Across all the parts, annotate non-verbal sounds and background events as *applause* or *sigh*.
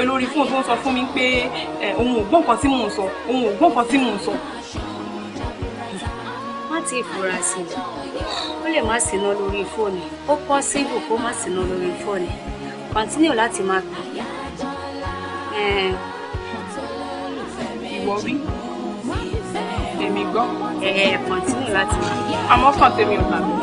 pè lórí fóònù tó ń sọ fún mi pé òun ò gbọ́ nǹkan tí mò ń sọ òun ò gbọ́ nǹkan tí mò ń sọ. má ti fura sí i ó lè má síná lórí fóònù ó pọ́ síbù kó má síná lórí fóònù kọ́ńtínú láti máa pè é. ìwọ rí èmi gbọ́. ẹ láti máa pè é. àmọ́ kàn tèmi ò bàbá.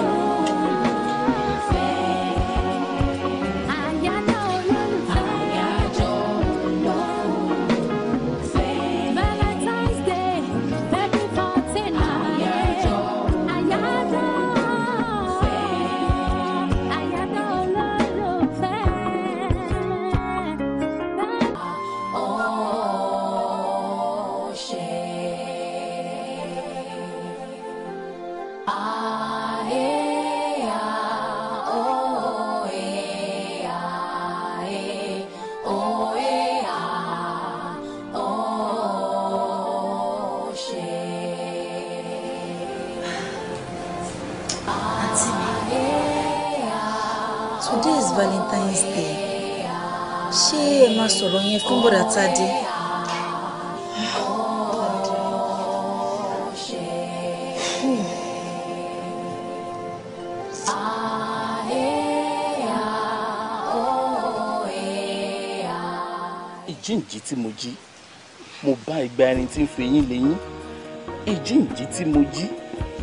Tádé. ìjíǹjí tí mo jí mo bá igba irin tí ń fi eyín léyín ìjíǹjí tí mo jí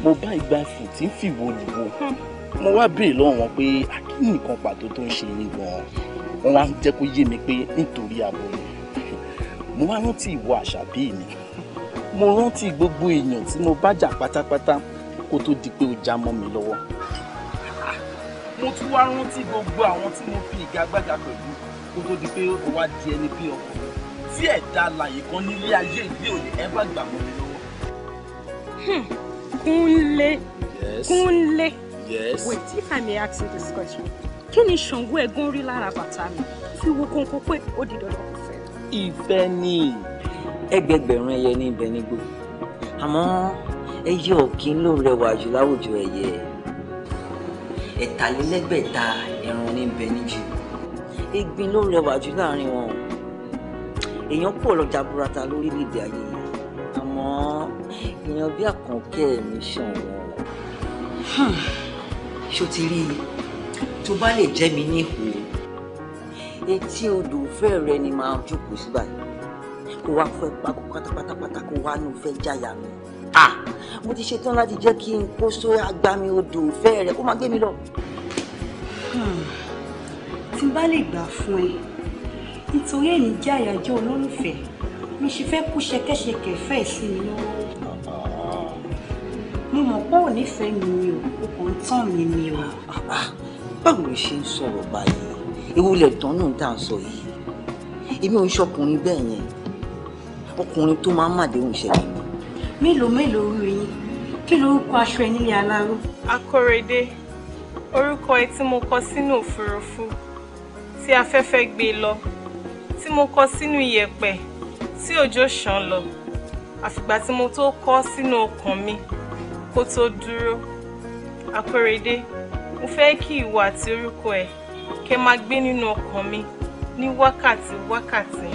mo bá igba fìn tí ń fìwò lùwò mo wá béèrè lọ́wọ́ wọn pé akíní nǹkan pàtó tó ń ṣe yín gan-an wọn wá jẹ́ kó yé mi pé nítorí aboyún mo wá rántí ìwọ àṣàbí mi mo rántí gbogbo èèyàn tí mo bá jà pátápátá kó tó di pé o já mọ́ mi lọ́wọ́ mo tún wá rántí gbogbo àwọn tí mo fi ìgagbága pẹ̀lú kó tó di pé o wá di ẹni bí ọkùnrin tí ẹ̀dá alàyè kan nílé ayé ìdí òní ẹ bá gbà mọ́ mi lọ́wọ́. Hmm. Kúnlé Kúnlé wait if I may ask you this question kí ni Ṣàngó ẹ̀gbọ́n rí lára bàtà mi fi wo kónkó pé ó di dandan ìfẹ́ ni ẹgbẹgbẹ̀rún ẹyẹ ní ibẹ̀ nígbò àmọ́ ẹyẹ ọ̀kín ló rẹwà jù láwùjọ ẹyẹ ẹ̀tàlélẹ́gbẹ̀ta ẹran ní ibẹ̀ níjù egbin ló rẹwà jù láàrin wọn èèyàn pọ̀ lọ́jà burata lórílẹ̀‐èdè ayé àmọ́ èèyàn bí àkànkẹ́ mi ṣàn wọ́n. Hmm. ṣó ti rí i tó bá lè jẹ́ mi ní ìhòòhò etí odò ìfẹ́ rẹ ni màá jókòó sí báyìí kó wá fẹ́ pàkó pátápátápátá kó wá ní òfẹ́ jáyà mi ah mo ti ṣetán láti jẹ́ kí n kó sóyà gbá mi odò ìfẹ́ rẹ kó má gbé mi lọ. Hmm. tí n bá lè gbà fún ẹ nítorí èyí jẹ́ àyájọ́ olólùfẹ́ mi ṣe fẹ́ kú ṣẹkẹ́ṣẹkẹ̀ fẹ́ sí mi lọ́wọ́ mo mọ̀ pé ò nífẹ̀ẹ́ mi ni o kò kàn ń tàn mí ni o. Ah, ah, báwo ló ṣe ń sọ̀rọ̀ báyìí ìwúlẹ̀ tán náà tá à ń sọ yìí èmi ò ń ṣọkùnrin bẹ́ẹ̀ yẹn ọkùnrin tó máa ń màdéhùn ìṣẹ̀lẹ̀. mélòó mélòó rí yín kí lorúkọ aṣọ ẹ nílé aláró. akọ́rẹ́dé orúkọ ẹ tí mo kọ sínú òfurufú tí afẹ́fẹ́ gbé lọ tí mo kọ sínú iyẹ̀pẹ̀ tí òjò ṣàn lọ àfìgbà tí mo tó kọ sínú ọkàn mi kó tó dúró akọ́rẹ́dé mo fẹ́ kí ìwà àti orúkọ ẹ kẹ́ máa gbé nínú ọkàn mi ní wákàtí wákàtí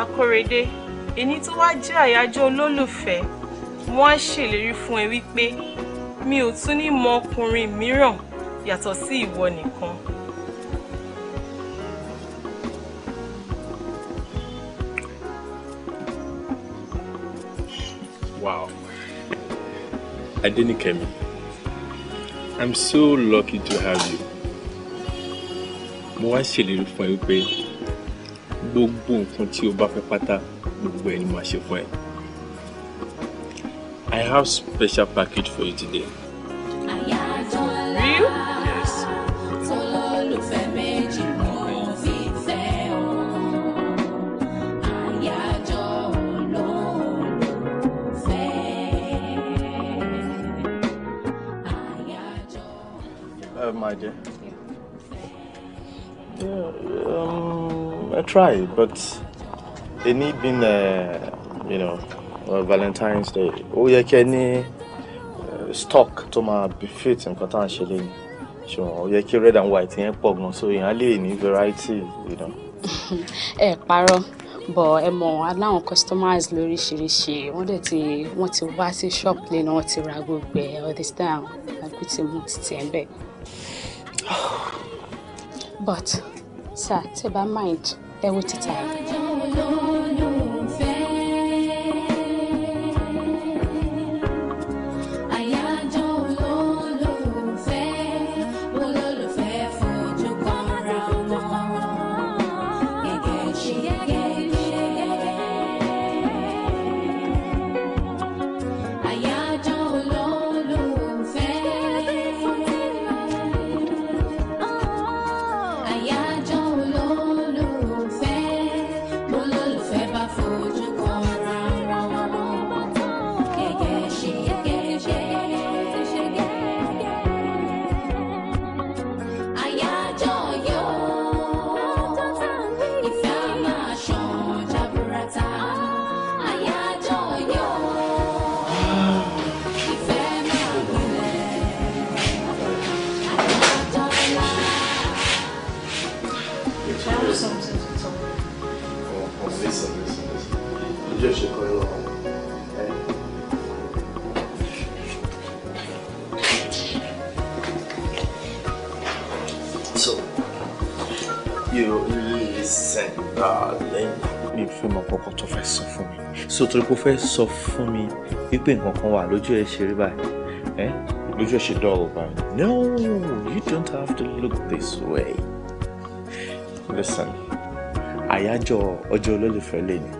akọ́rẹ́dé èyí tó wá jẹ́ àyájọ́ olólùfẹ́ wọ́n á ṣèlérí fún ẹ wípé mi ò tún ní mọ ọkùnrin mìíràn yàtọ̀ sí ìwọ nìkan. Adenikemi, I'm so lucky to have you mo wá ṣèlérí fún ẹ wípé gbogbo nǹkan tí o bá fẹ́ pátá gbogbo ẹ ni màá ṣe fún ẹ. I have special package for you today. Real? Yes. my dear um, I try, but it need been, uh, you know, uh, Valentine's Day. Oh, yeah, Kenny. stock to my befit nǹkan cotton shilling. Sure, ṣe lé red and white yẹn pọ̀ gan so you only need variety you know. Eh, *laughs* paro, bọ̀ ẹ mọ̀ aláwọn customers lóríṣiríṣi wọ́n dẹ̀ ti wọ́n ti wá sí shop lẹ́nu wọ́n ti ra gbogbo ẹ̀ all this time àgbẹ̀tì mú ti tiẹ̀ bẹ́ẹ̀. *sighs* but sir tẹ́ bá mind ẹ wo títà sọtọ́ kó fẹ́ sọ fún mi wípé nǹkan kan wà lójú ẹ̀ ṣe rí báyìí ẹ́. lójú ẹ̀ ṣe dọ́ọ̀rọ̀ báyìí. no you don't have to look this way. listen àyájọ́ ọjọ́ olólùfẹ́ lẹ́nu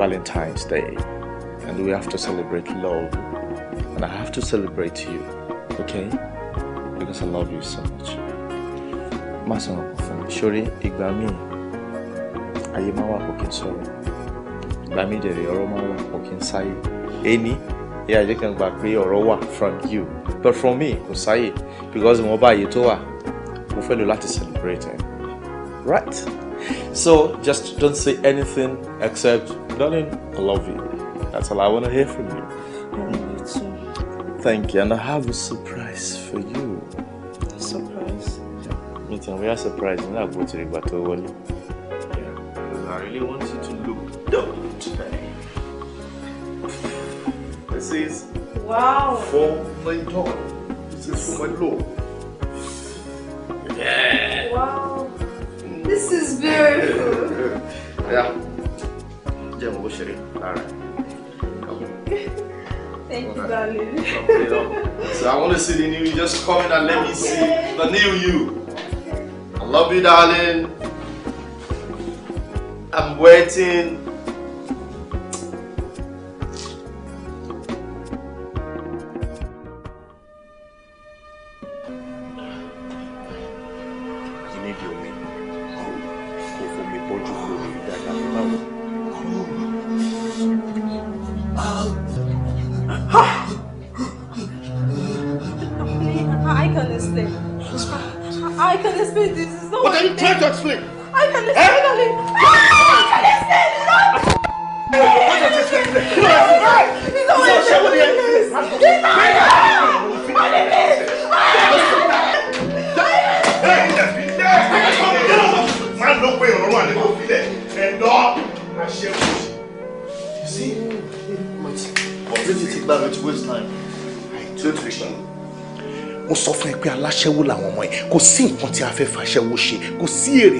Valentine's Day and we have to celebrate love and I have to celebrate you okay because I love you so much. má sọ̀rọ̀ fún mi sórí ìgbà míì ayé máa wà kò kí n sọ̀rọ̀ ìgbà mi dẹ̀rẹ̀ ọ̀rọ̀ máa wà kò kí n sáyè ẹni ìyá ìjẹ́ gbà pé ọ̀rọ̀ wà from you but from me kò sáyè because mo bá àyè tó wà mo fẹ́ lò láti celebrate ẹ̀ right so just don't say anything except darling I love you that's all I wanna hear from you. Thank you, and I have a surprise for you. surprise? Yeah. Me too. We are surprised. Now go to the battle. Yeah. I really want you to look double today. This is wow. for my daughter. This is for my lord. Yeah. Wow. This is beautiful. yeah. Yeah, we'll share it. All right. Thank you, darling. so I want to see the new you. Just come in and let okay. me see the new you. I love you, darling. I'm waiting.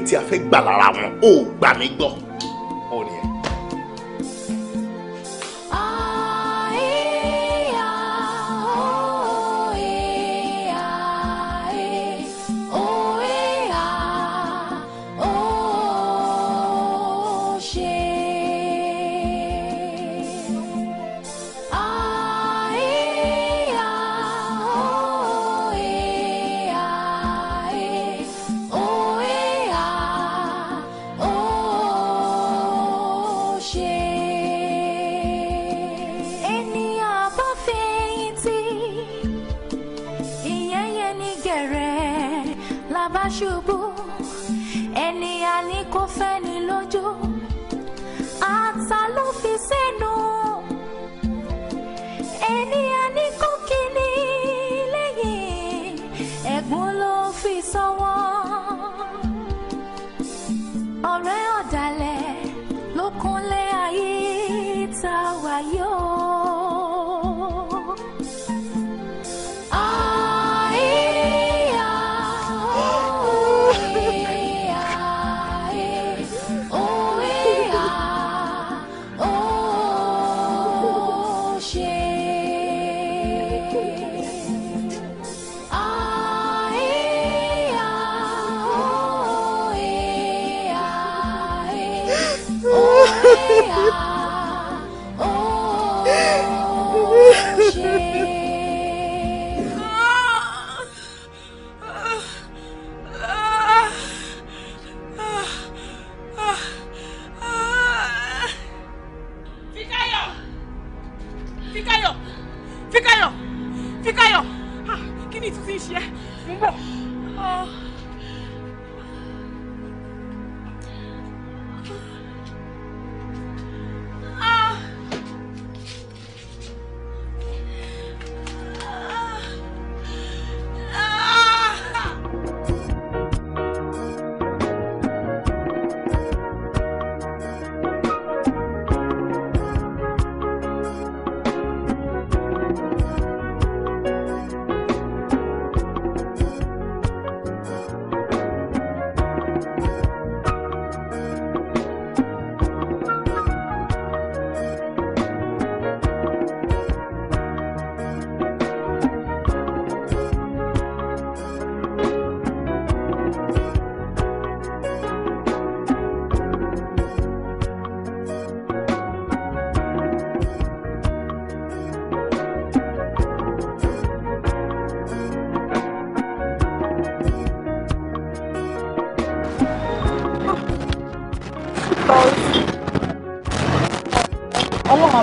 tí a fẹ́ gbà lára wọn ó gbà mí gbọ́. should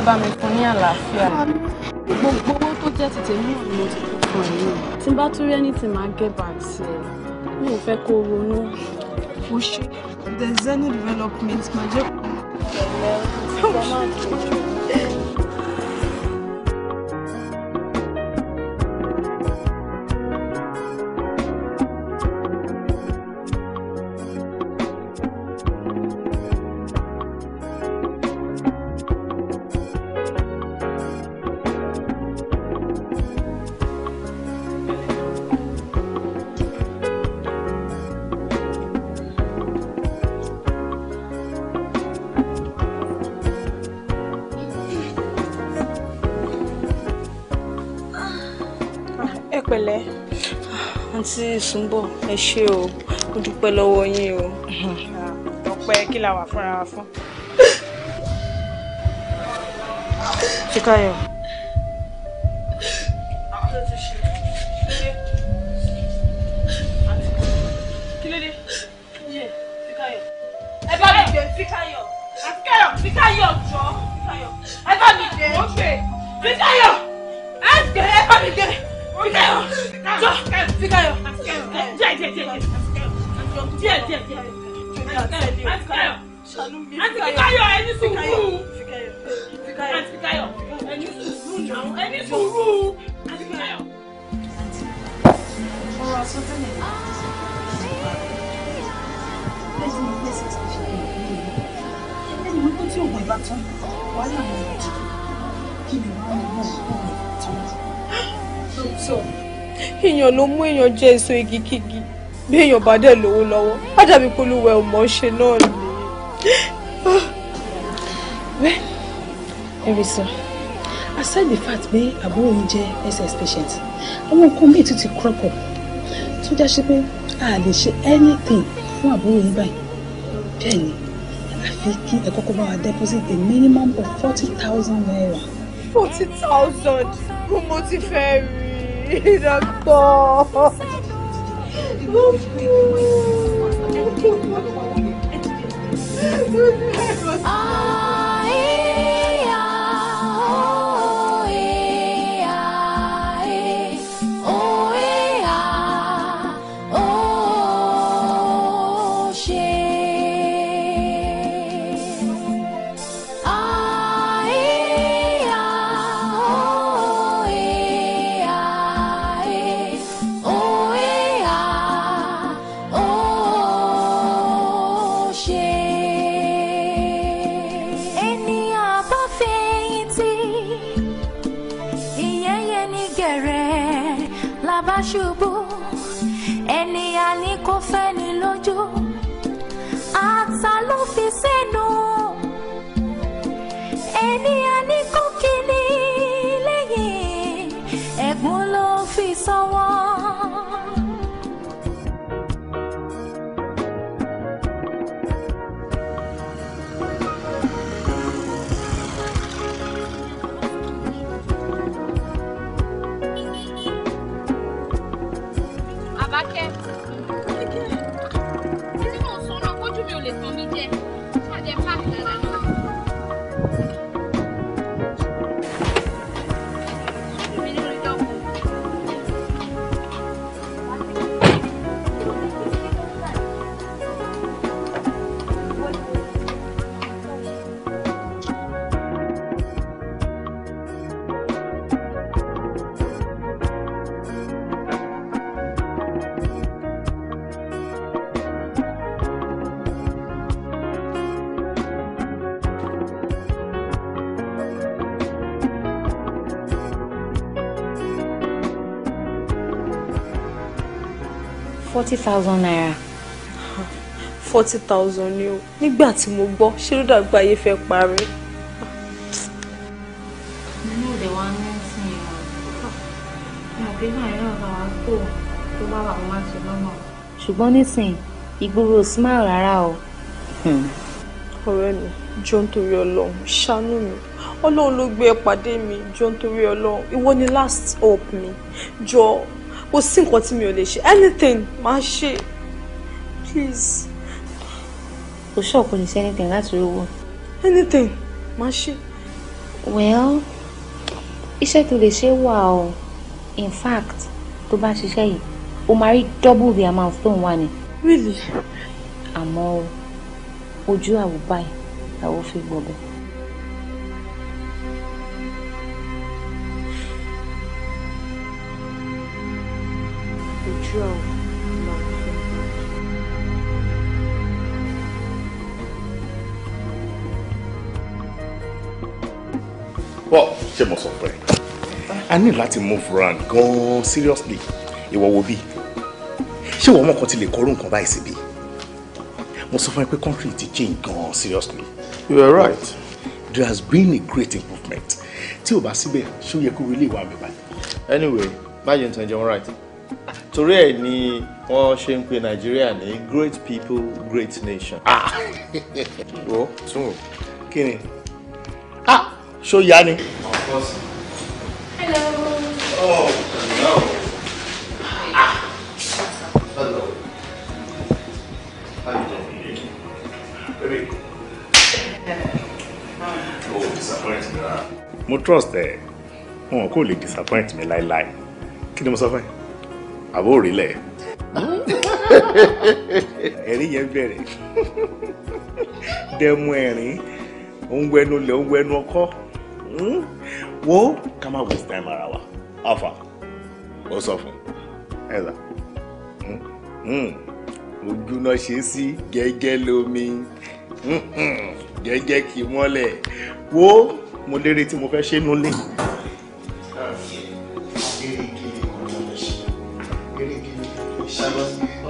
bá mi fún ní àlàáfíà. gbogbo owó tó jẹ́ ti tèmi náà ni mo ti kó tí n bá tún rí ẹni tí màá gẹ́ bàtì ẹ̀ mi ò fẹ́ kó ronú. o ṣe there is any development ma jẹ́ kó. ẹ̀lẹ́ ọ̀sán Àtúnbọ̀ ẹ ṣé o mo dúpẹ́ lọ́wọ́ yín o. ọpẹ́ kí la wà fúnra wa fún. Fíkáyọ̀. jẹ èso igi bí èèyàn bá dẹ̀ lówó lọ́wọ́ á dàbí polúwẹ ò ṣe náà ni. well erisa aside the fact pé àbúrò mi jẹ ss patient àwọn nǹkan míì tún ti crop up tó já sí pé a lè ṣe anything fún àbúrò yín báyìí bẹ́ẹ̀ ni àfi kí ẹ kọ́kọ́ bá wa deposit a minimum of forty thousand naira. forty thousand mo mo ti fẹ́ rí. Mira to! Ah! forty thousand naira. forty thousand ni o nígbà tí mo gbọ́ ṣé ló dàgbà ayé fẹ́ parí. nínú òde wa ní sìn yẹn o àbí náà yẹn náà bá wa tó tó bá wà wọ́n á ṣe lọ́nà. ṣùgbọ́n nísìnyí ìgboro ò sí máa rárá o. ọ̀rẹ́ mi jọ nítorí ọlọ́run ṣàánú mi ọlọ́run ló gbé ẹ pàdé mi jọ nítorí ọlọ́run ìwọ ni last hope mi jọ kò sí nǹkan tí mi ò lè ṣe anything máa ṣe please. kò ṣọ́ọ̀kù ní sí anything láti rówó. anything máa ṣe. well iṣẹ́ tó lè ṣe wà o in fact tó bá ṣiṣẹ́ yìí o máa rí double the amount tó ń wà ní. really. àmọ́ ojú àwòbáyé làwọn fi gbọ́bẹ̀. usual love language. Well, ṣé mo sọ fún ẹ? A ní move round Go seriously. It will be. Ṣé ìwọ ọmọ kan ti lè kọrú nǹkan báyìí síbi? Mo sọ fún ẹ pé country ti change Go seriously. You are right. There has been a great improvement. Till Basibe, bá síbẹ̀, really ó yẹ kó Anyway, báyìí ń tan jẹun right torí ẹ̀ ni wọ́n ṣe ń pe nàìjíríà ní great people great nation. Ah. *laughs* wo tún o kí ni ah ṣó yá ni. of course. hello. oh hello. ah hello. baby. oh disappoint me na. Ah. mo trust ẹ wọn kò lè disappoint mi láéláé kí ni mo sọ fún ẹ àbórílẹ̀ ẹ̀rín yẹn bẹ̀rẹ̀ dẹ́mu ẹ̀rín òun wẹnu lẹ̀ òun wẹnu ọkọ hmm? wo ká má waste time ara wa afa ó sọ fún ẹ là hmm? hmm? ojú náà ṣe sí gẹ́gẹ́ lomi gẹ́gẹ́ kì í mọ́lẹ̀ wo mo lérè tí mo fẹ́ ṣe nulẹ̀.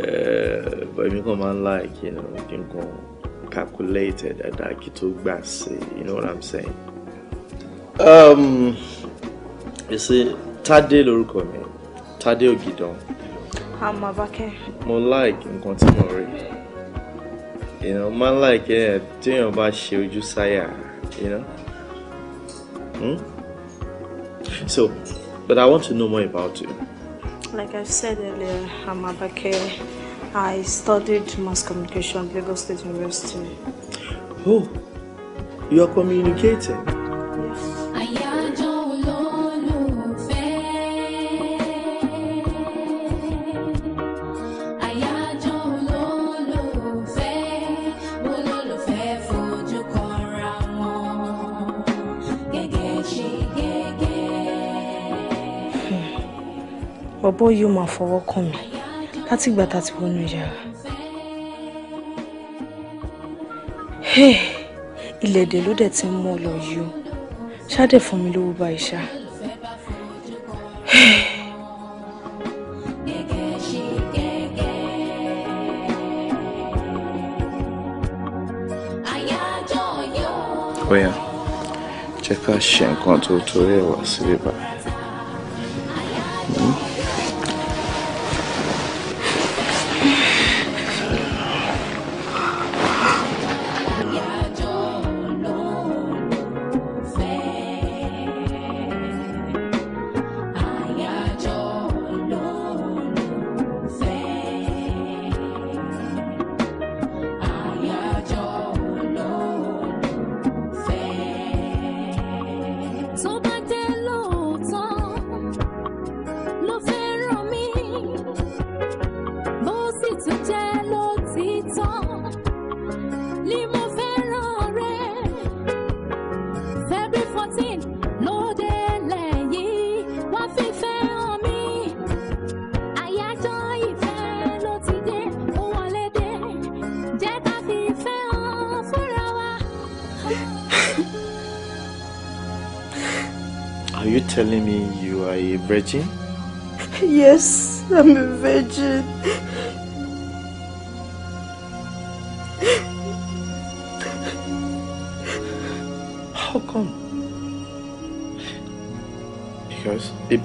Eh, but èmi kàn máa like you know kí n kàn calculate dáadáa kí tó gbà sí you know what i'm saying. Um, you see Tade lórúkọ mi Tade Ogidan. àmọ́ bákẹ́. mo like nǹkan tí mo you know man, ń like ẹ téèyàn bá ṣe ojú sáyà you know. Hmm? So, but I want to know more about you. like I've said earlier, I'm Abake. I studied mass communication at Lagos State University. Oh, you're communicating? Yes. bọ̀bọ́ yìí ó máa fọwọ́ kàn mí látìgbà tá a ti wọnú yàrá. ilẹ̀ èdè ló dẹ̀ ti ń mú ọ lọ yìí o ṣáde fún mi lówó bá ìṣá. ó jẹ́ ká ṣe nǹkan tó torí ẹ̀ wá sílé báyìí.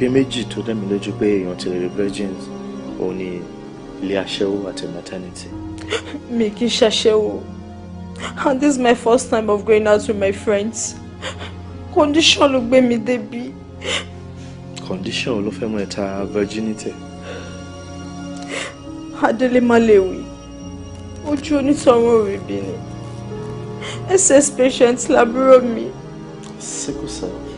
bíi méjì tó dẹ́mi lójú pé èèyàn ti rere virgins òun ni ilé aṣẹ́wó àti maternity. mi kì í ṣaṣẹ́wó and this is my first time of going out with my friends condition ló gbé mi débi. condition ló fẹ́ mú ẹ ta virginity. adele má lè wí ojú onítọ̀run òwe bí ni ss patient làbúrò mi. sickle cell.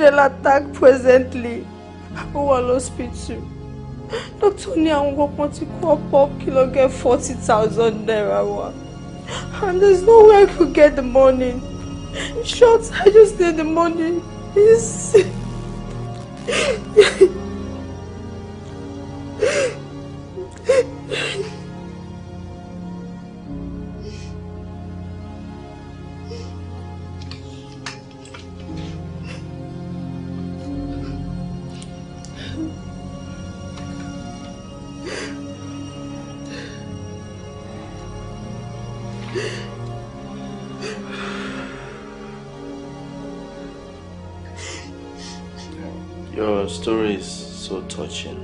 model attack presently ó wà lọ́sípítù doctor ní àwọn gbọ́pọ́n ti kó ọ̀pọ̀ kìlọ̀ get forty thousand naira wa and there's no way I could get the money in short I just need the money please. story is so touching.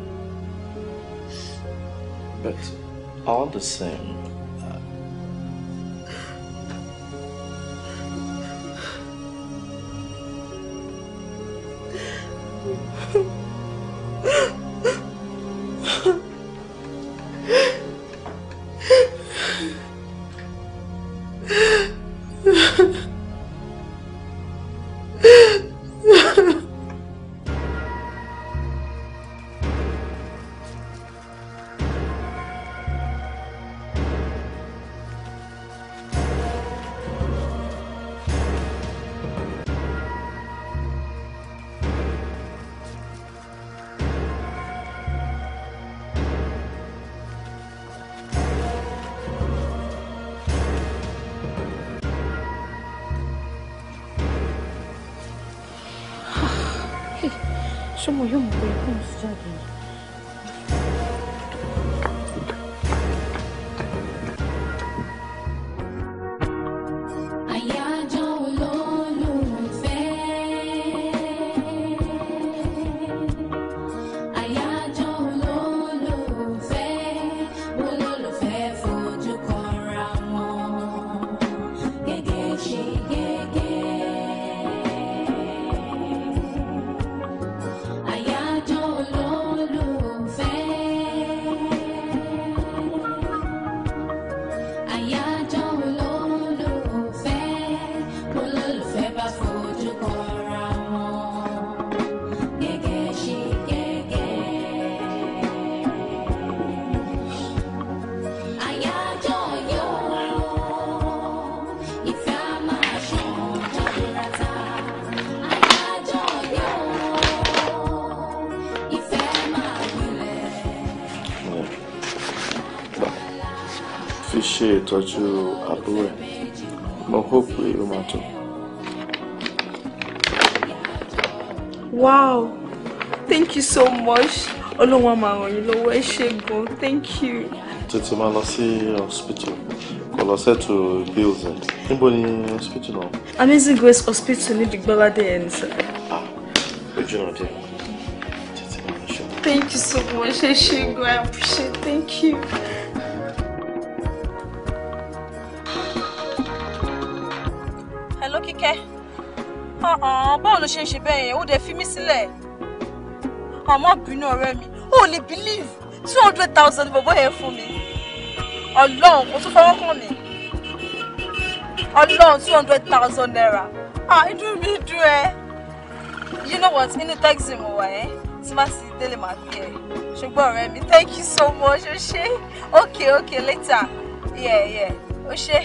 But all the same, Muy bien. ṣe ìtọ́jú àbúrò ẹ̀ mo hó pé ó máa tó. wow thank you so much ọlọ́wọ́n máa ràn yín lọ́wọ́ ẹ ṣé gan thank you. tètè máa lọ sí hospital kò lọ sẹ́tù bills ẹ̀ níbo ni hospital náà. amazing grace hospital ní dùgbọ́ládé ẹ̀ ní sẹ́. ah ojú náà dé. Thank you so much, Eshigo. I appreciate Thank you. báwo ló ṣe ń ṣe bẹ́ẹ̀ yẹn ó dẹ̀ fi mí sílẹ̀ àmọ́ bínú ọ̀rẹ́ mi ó lè believe two hundred thousand bọ̀bọ̀ yẹn fún mi ọlọ́run kò tún fọwọ́ kàn mí ọlọ́run two hundred thousand naira ah inú mi dùn ẹ́ you know what inú taxi mo wà ẹ́ tí má sì délé máa gbé ẹ ṣùgbọ́n ọ̀rẹ́ mi thank you so much ó ṣé okay okay later yeah yeah ó ṣé.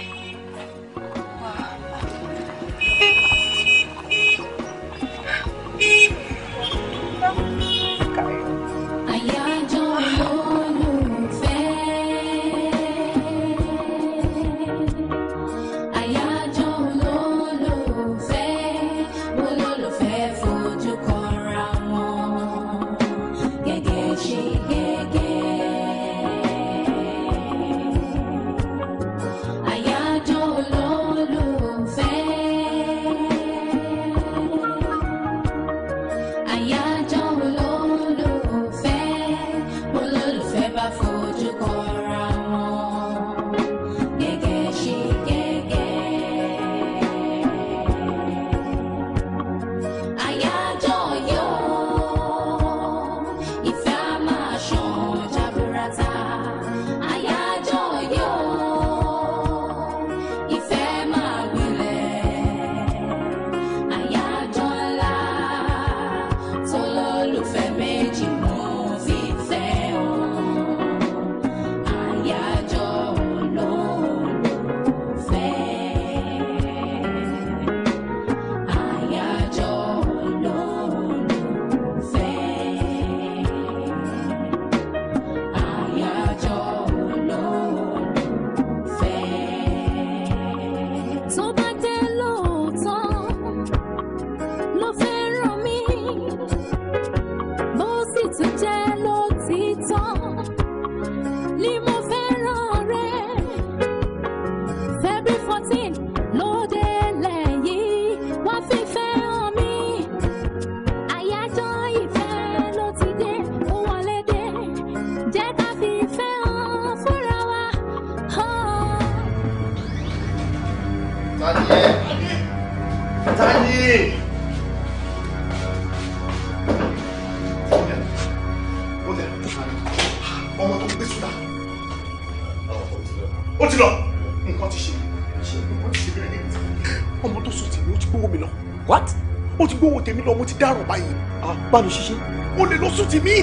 dárò báyìí. Ah, bá a lè ṣiṣẹ́. o lè lọ sùn tì mí.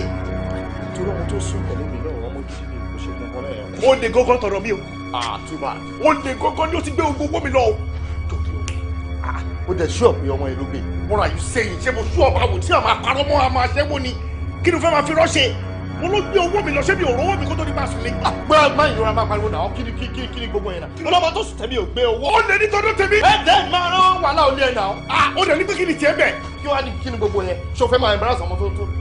torí ohun tó sùn pẹ̀lú mi náà ọmọ gidi ni kò ṣe gbọ́n lẹ́yìn. o lè gángan tọ̀rọ̀ mi o. Ah. àtúbà. o lè gángan ni o ti gbé ogun mi lọ o. o ah, dẹ̀ sùn ọ̀pẹ ọmọ ìlú gbé. wọ́n rà yìí sẹ́yìn ṣé mo sùn ọ̀pẹ àwòtí àmà parọ́ mọ́ àmà ṣẹ́wó ni kí ni fẹ́ máa fi rọ́ṣẹ́ mo ló gbé owó mi lọ ṣebí òró owó mi kó tó ní bá sùn ní. àgbẹ̀ máa ń máa pariwo náà kiri kiri kiri gbogbo yẹn náà. ọlọ́mọ tó sùn tẹ̀mí ò gbé owó. ó lè ní tọ́dún tẹ̀mí. ẹ dẹ́ máa rán wàhálà olú ẹ̀ náà. ó lè ní pé kí ni tiẹ̀ bẹ̀ kí wàá ní kí ni gbogbo yẹn ṣé o fẹ́ máa embarrass ọmọ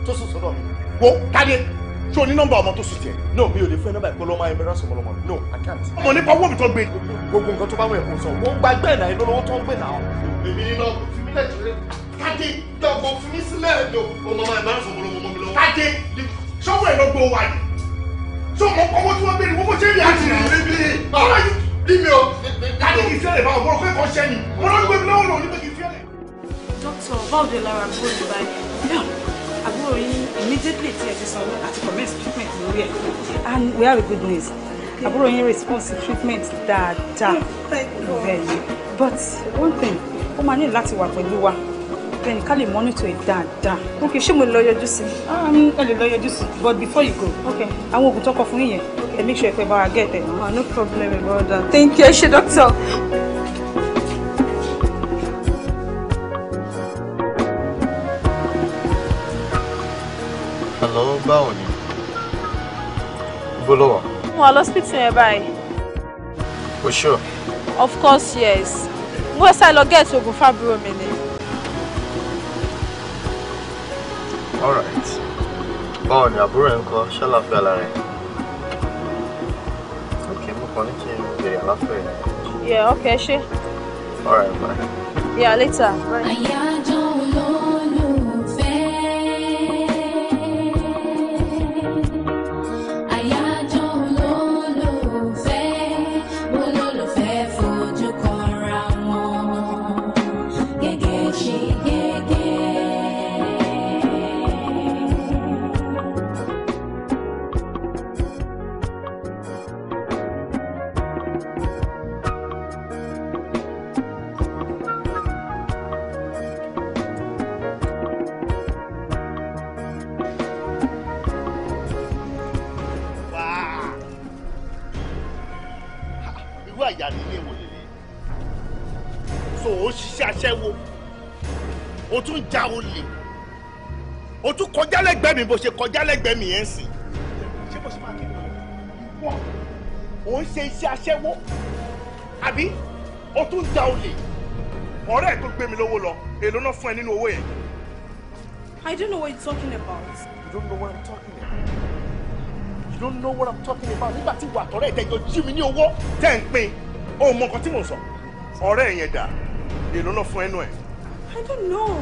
tó sùn sọ́dọ̀ mi. wo káde ṣé o ní nọ́mbà ọmọ tó sùn tiẹ̀. no mi ò lè fẹ́ nọ́mbà ìpolówó máa embarrass ọmọ lọ́mọ no I can't. ọmọ nípa owó mi tó gbé. gbogbo nǹkan tó bá wẹ̀ kó sọ wọ́n gbàgbẹ́ ìnáyé lọ́wọ́ tó ń gbé náà. èmi ní náà fi mí lẹ́jọ́ káde dọ̀gbọ̀n fi mí sílẹ̀ ẹ̀dọ̀ ọmọ máa embarrass ọmọ lọ́mọ mi lọ́wọ́. káde ṣọ́wọ́ ẹ̀ lọ́gbọ̀ wà ní. ṣọ́wọ́ ọwọ́ tí wọ́n gbé ni wọ́n kò ṣe é sọ báwo de lára àbúrò mi báyìí now àbúrò yín immediately tí ẹ ti at àti commence treatment lórí ẹ and we have a good news I àbúrò in response to treatment oh, that. bẹ́ẹ̀ ni but one thing ó máa ní láti wà pẹ̀lú wa bẹ́ẹ̀ ni ká lè monitor ẹ̀ dáadáa Okay, she mo lọ yọjú sí i um, ẹ lè lọ yọjú sí but before you go okay àwọn oògùn tó talk fún yín yẹn ẹ make sure if ever I wa get ẹ. Ah, no problem about that thank you ẹ ṣé doctor. báwo ni bọ́lọ́wọ́. mo wà lọ́sítì yẹn báyìí. for sure. of course yes mo fẹ́ sáré lọ gẹ̀ẹ́tì oògùn fábúrò mi ni. all right báwo ni àbúrò ẹ̀ ń kọ́ ṣàlàfẹ́ ara rẹ̀. ok mo kàn ní kí n bèrè àlàfẹ́ rẹ̀. yeah ok ṣe. all right bye. yeah later. Bye. mi bó ṣe kọjá lẹ́gbẹ̀ẹ́ mi yẹn sìn. ṣé mo ṣe máa kẹ́kọ̀ọ́ ìwọ ò ń ṣe iṣẹ́ aṣẹ́wó àbí o tún da olè ọ̀rẹ́ ẹ̀ tó gbé mi lówó lọ èló náà fún ẹ nínú owó yẹn. I don't know what you're talking about. You don't know what I'm talking about. You don't know what I'm talking about. nígbà tí wà tọ́rẹ́ ìtẹ́jọ́ jí mi ní owó tẹ̀ ń pin o mọ nǹkan tí mò ń sọ ọ̀rẹ́ yẹn dà èló náà fún ẹnu ẹ. I don't know.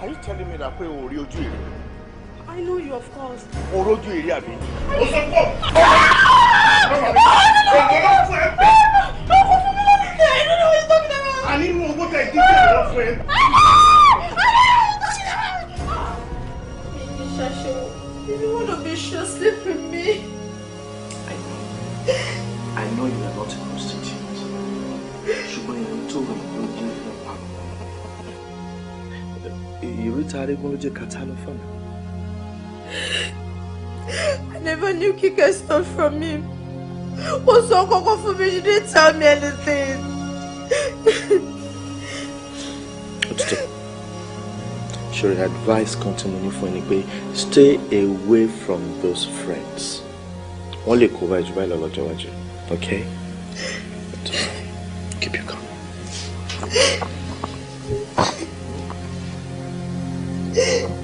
Are you telling me that pé o rí ojú ìrìn? I know you, of course. Oroju èrè àbí. Ó sọ pọ̀. Ọ̀gá ló fún ẹ. Ọkọ̀ fún mi lọ́dún tẹ̀, inú ni I tóbi lẹ́nu. A nínú owó tẹ̀ kí kí ọ̀rọ̀ fún ẹ. If you want to be sure, sleep with me. I know. I know you are not a prostitute. Ṣùgbọ́n ìrìn tó rìn ló jẹ́ ìrìn pa. Ìrìn tá a rí gbọ́n ló jẹ́ kátá ló fọ̀nà. I never knew Kike stole from me. Ó sọ kọ́kọ́ fún mi, she didn't tell me anything. Òtítọ́, ṣòro advice kan tí mo stay away from those friends. Only cover kó báyìí ju báyìí lọ lọ́jọ́ iwájú, okay? keep your calm. Yeah. *laughs*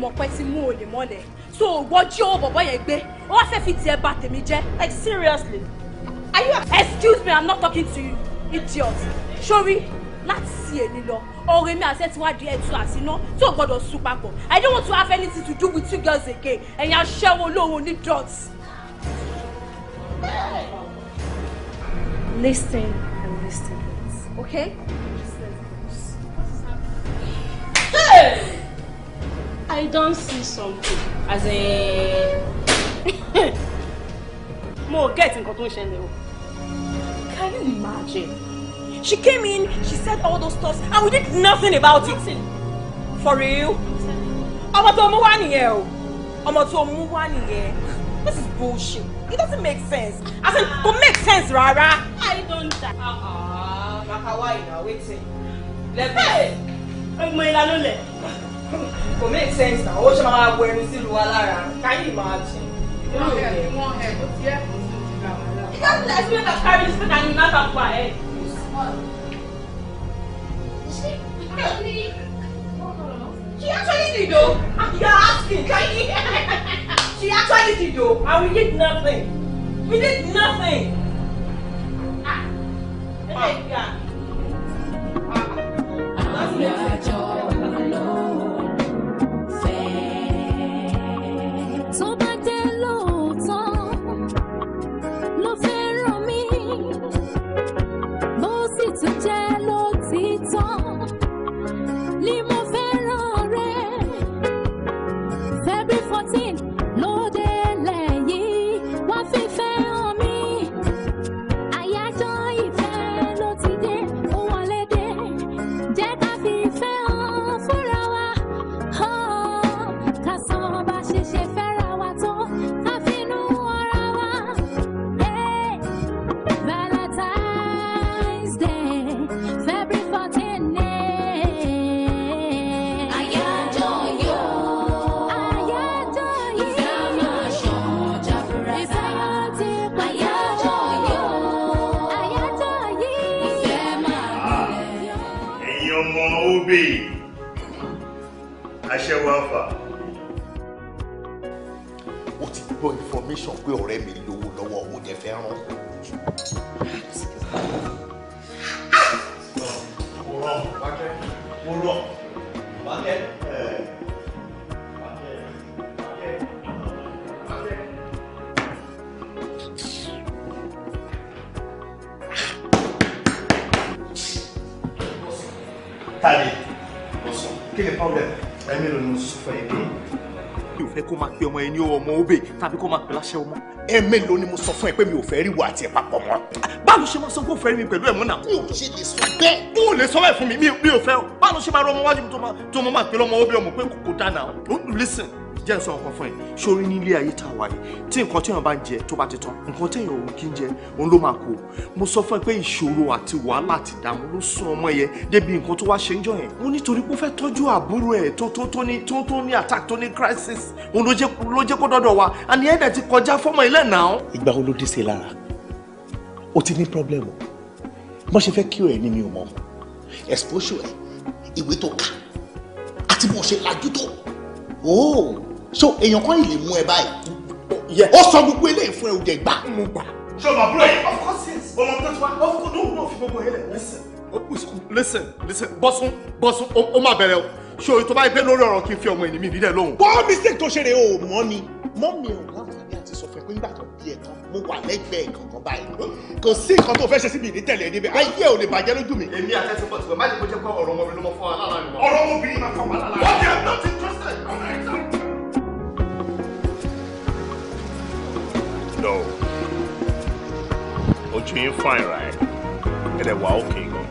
mọ̀ pẹ́ tí mú olè mọ́lẹ̀ so ògbọ́jú owó bọ̀bọ́ yẹn gbé ó wá fẹ́ fi tiẹ̀ bà tèmi jẹ́. like seriously are you. excuse me i'm not talking to you idiot sorry láti sí èmi lọ ọ̀rẹ́ mi àti ẹ ti wá di ẹtù àti iná tí ò gbọ́dọ̀ sùn papọ̀ i don't want to have anything to do with two girls again ẹ̀yin aṣẹ́wó olówó ní drugs. listen and listen okay. Don't see something as a. *laughs* mo get nǹkan tó ń can you imagine she came in she said all those stuff and we did nothing about it for real ọmọ tó mú wá nìyẹn o ọmọ tó mú wá this is bullshit it doesn't make sense as in to make sense Rara. i don't. die. ah ah na hawaii na wetin. lẹ́gbẹ̀ẹ́. ọmọ ìlànà kò make sense na ó ṣe máa wọ ẹnu sílùú wa lára can you imagine. one hair one hair but here for still to grab my life. you gats like say make i carry this make i new knack am for her she actually did o ah, you are asking can *laughs* she actually did o and we did nothing we did nothing. mọ obe tàbí kó máa pè láṣẹ ọmọ. ẹ mélòó ni mo sọ fún ẹ pé mi ò fẹ́ rí wo àti ẹ papọ̀ mọ́. báwo ṣe máa sọ pé o fẹ́ rí mi pẹ̀lú ẹ̀ mọ́ náà. mi ṣe lè sọ bẹ́ẹ̀. o ò lè sọ bẹ́ẹ̀ fún mi mi ò fẹ́ o. báwo ṣe máa rọ ọmọ wájú mi tó máa pè lọ́mọ obe ọmọ pé kò dáa náà jẹ́ nsọ ọkọ fún ẹ sórí nílé ayé tá a wáyé tí nǹkan téèyàn bá ń jẹ tó bá ti tán nǹkan téèyàn ò kí ń jẹ òun ló máa kó mo sọ fún ẹ pé ìṣòro àti wàhálà àti ìdààmú ló sún ọmọ yẹn débi nǹkan tó wá ṣe ń jọ yẹn mo nítorí pé ó fẹ́ tọ́jú àbúrò ẹ̀ tó tó tó ní tó tó ní attack tó ní crisis òun ló jẹ́ kó dọ́dọ̀ wa àní ẹ̀dẹ̀ ti kọjá fọ́mọ ilẹ̀ náà. ìgbà wo ló dé sí lára o ti ní problem o bó ṣe fẹ́ kí o ẹ̀ ní mi ò mọ̀ exposure ẹ̀ ìwé tó kà àti bó ṣe lajú tó ooo. Oh! so èèyàn kan yìí lè mú ẹ báyìí ó sọ gbogbo eléyìí fún ẹ ò jẹ gbà. mo ṣọlá búrọ̀ yìí. of course yes. ọmọ mi tó ti wá of course no no fi gbogbo ẹ lẹ. listen listen bọ́sùn bọ́sùn ó máa bẹ̀rẹ̀ o ṣé oyin tó bá gbé lórí ọ̀rọ̀ kí n fi ọmọ ẹni mi nílẹ̀ lóhùn. bọ́ọ̀ mistake tó ṣe rè o mọ́ mi mọ́ mi ò láǹfààní àti sọ fún ẹ pé nígbà tó bí ẹ tán mo wà lẹ́gbẹ̀ẹ́ kankan báyìí kò sí nǹkan tó fẹ́ ṣe síbi ní tẹ̀lé níbẹ̀ ayé ò lè bàjẹ́ lójú mi. èmi àti ẹsẹ̀ pọ̀tùpẹ̀ má jẹ́ kó jẹ́ kó ọ̀rọ̀ ọmọbìnrin ló mọ fún wa lára rẹ̀. ọ̀rọ̀ ọmọbìnrin lọ o ojú fine right ẹ dẹ̀ wà òkè gan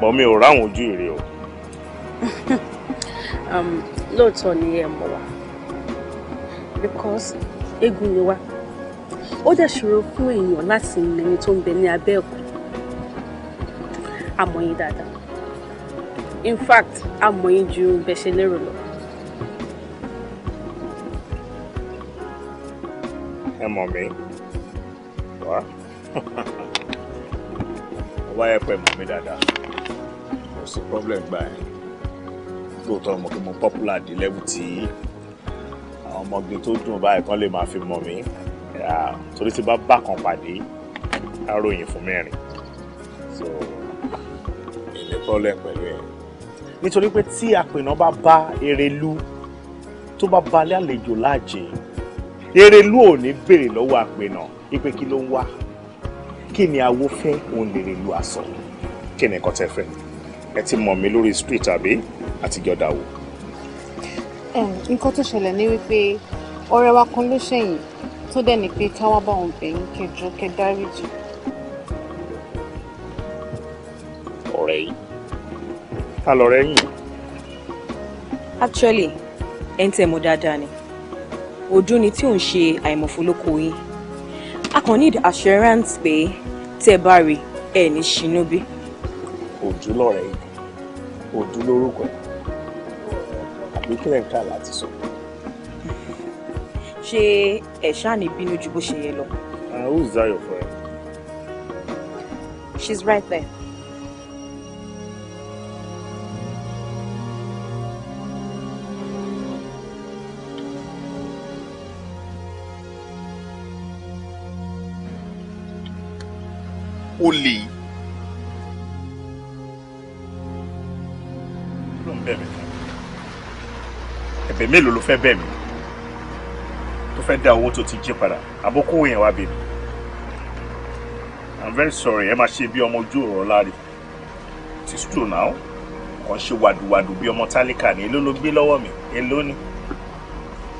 bọ́ mi ò ráwọn ojú ìrè o. *laughs* Um, lóòótọ́ ni ẹ mọ̀ wá because eégún ni wá ó dẹ̀ ṣòro fún èèyàn láti mẹ́ni tó ń bẹ ní abẹ́ ẹ̀kọ́ àmọ́ in fact àmọ́ yín ju bẹ́ẹ̀ ṣe lérò lọ. ẹ mọ̀ mí wá ọba yẹ pẹ́ mọ̀ mí dáadáa kò sí problem gbà ẹ́ lóòótọ́ mo kí mo popular di lẹ́wù tí àwọn ọmọge tó dùn báyìí kan lè máa fi mọ̀ mí torí tí bá bá kan pàdé aróyìn fún mẹ́rin so èmi problem pẹ̀lú ẹ̀ nítorí pé tí àpènà bá bá erelú tó bá balẹ̀ àlejò láàjẹ́ erelú ò ní béèrè lọ́wọ́ àpènà ipe kí ló ń wá kí ni awo fẹ́ òun lè relu àsọ kí ni nǹkan tẹ fẹ́ ẹ ti mọ̀ mí lórí street àbí àtijọ́ dà wò. nǹkan tó ṣẹlẹ̀ ni wípé ọ̀rẹ́ wa kan ló ṣẹ̀yìn tó dẹ̀ ní pé káwá bá òun bẹ̀yìn kẹjọ kẹ dáríjì. ọ̀rẹ́ yìí ta lọ̀rẹ́ yìí. actually ẹ̀ ń tẹ̀ mọ́ dáadáa ni ojú ni tí ò ń ṣe àìmọ̀fólókò yín a kàn need assurance pé tẹ́ bá rí ẹ ní ṣinúbí. ojú lọ̀rẹ́ yìí ojú lórúkọ àbí kílẹ̀ ń kà láti sọ. ṣé ẹ̀ ṣáà ní bínú ju bó ṣe yẹ lọ. Ah, who is that your friend? she's right there. olè yìí. ló ń bẹ̀ mí fún ẹ̀bẹ̀ mélòó ló fẹ́ bẹ̀ mí tó fẹ́ dá owó tó ti jí padà àbókò yẹn wá bẹ̀ mí i'm very sorry ẹ máa ṣe bí ọmọ ojú ọ̀rọ̀ láre ti stool now kàn ṣe wàdùwàdù bí ọmọ tálíkà ni èló ló gbé lọ́wọ́ mi èló ni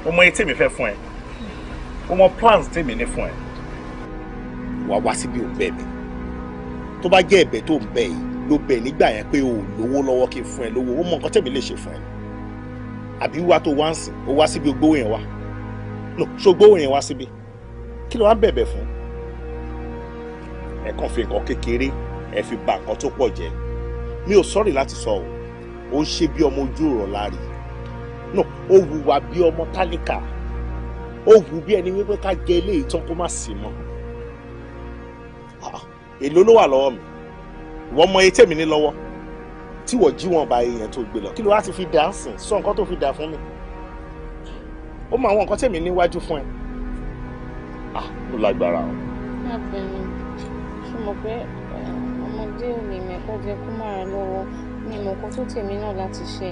mo mọ etí mi fẹ́ fún ẹ mo mọ plans tèmi ní fún ẹ. wàá wá síbí òun mi tó bá jẹ́ ẹ̀bẹ̀ tó ń bẹ̀ yìí ló bẹ̀ nígbà yẹn pé o lówó lọ́wọ́ kí n fún ẹ lówó ó mọ nǹkan tẹ̀mí lè ṣe fún ẹ àbí wá tó wá ń sìn ó wá síbi gbówó yẹn wá no so gbówó yẹn wá síbi kí ló wá bẹ̀bẹ̀ fún ẹ kàn fi nǹkan kékeré ẹ fi bà nǹkan tó pọ̀ jẹ́ mi ò sọ́rí láti sọ o ó ń ṣe bí ọmọ ojú ọ̀rọ̀ láàrí no ó wùwà bí ọmọ tálíkà ó wù bí ẹni wípé ká jẹ ilé ìtàn kó má sí mọ́ èló ló wà lọ́wọ́ mi ìwọ mọ etí èmi ní lọ́wọ́ tí wọ́n jí wọn ba èèyàn tó gbé lọ kí ló wá ti fi dà ń sìn sọ nǹkan tó fi dà fún mi ó mọ àwọn nǹkan tèmi níwájú fún ẹ ah ó lágbára o. má bẹ̀rù ṣe mọ̀ pé eh, ọmọdé ò ní mẹ́kọ́ jẹ kó má ra lọ́wọ́ ní ìmọ̀kọ́ tó tèmi náà láti ṣe.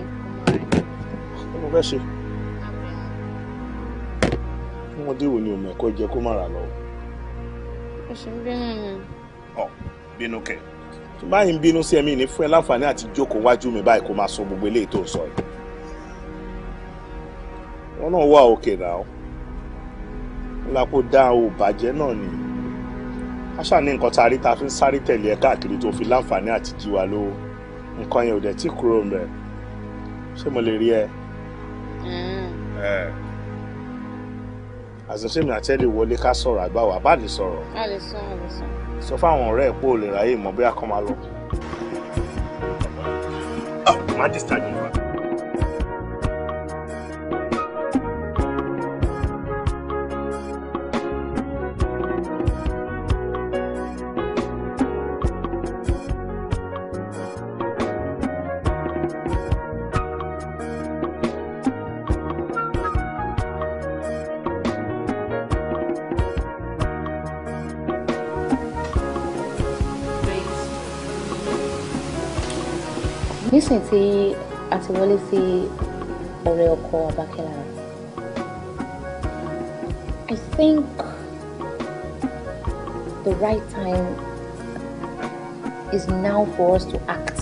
kí mo fẹ́ ṣe ọmọdé wo ni ò mẹ́kọ́ jẹ kó má lọ́wọ́. ó ṣe ń bínú ni. ọ bínú kẹ tí báyìí ń bínú sí ẹ̀mí ní fún ẹ láǹfààní àti jókòó wájú mi báyìí kó máa sọ gbogbo eléyìí tó ń sọ yìí wọn náà wà òkè náà ó ńlá kó dá o bàjẹ́ náà ni aṣá ní nǹkan tá a rí ta fi ń sáré tẹ̀lé ẹ káàkiri tó fi láǹfààní àti jí wa lówó nǹkan yẹn ò dẹ̀ tí kúrò ń bẹ̀ ṣé mo lè rí ẹ. Mm. àṣìṣe mi àtẹ́lẹ̀ wọlé ká sọ̀rọ̀ àgbà wà bá lè sọ̀rọ̀. a lè sọ a lè sọ. sọ fáwọn ọ̀rẹ́ ẹ̀ pé o lè ráyè mọ̀ bóyá kan máa lọ. má disturb mi. nísìnyí tí a ti wọlé sí ọ̀rẹ́ ọkọ Abákẹ́ lára I think the right time is now for us to act.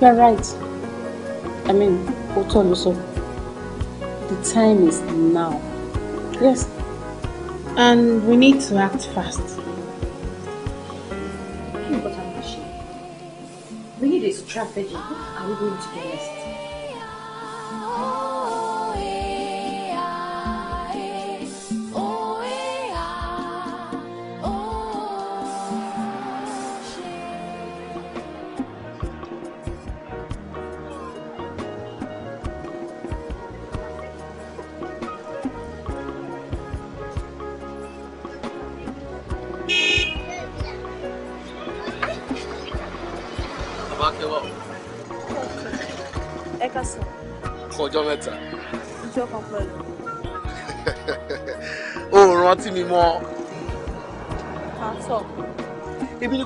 You are right. I mean, òótọ́ ló sọ. The time is now. Yes. And we need to act fast. trafficking. Are we going to be arrested?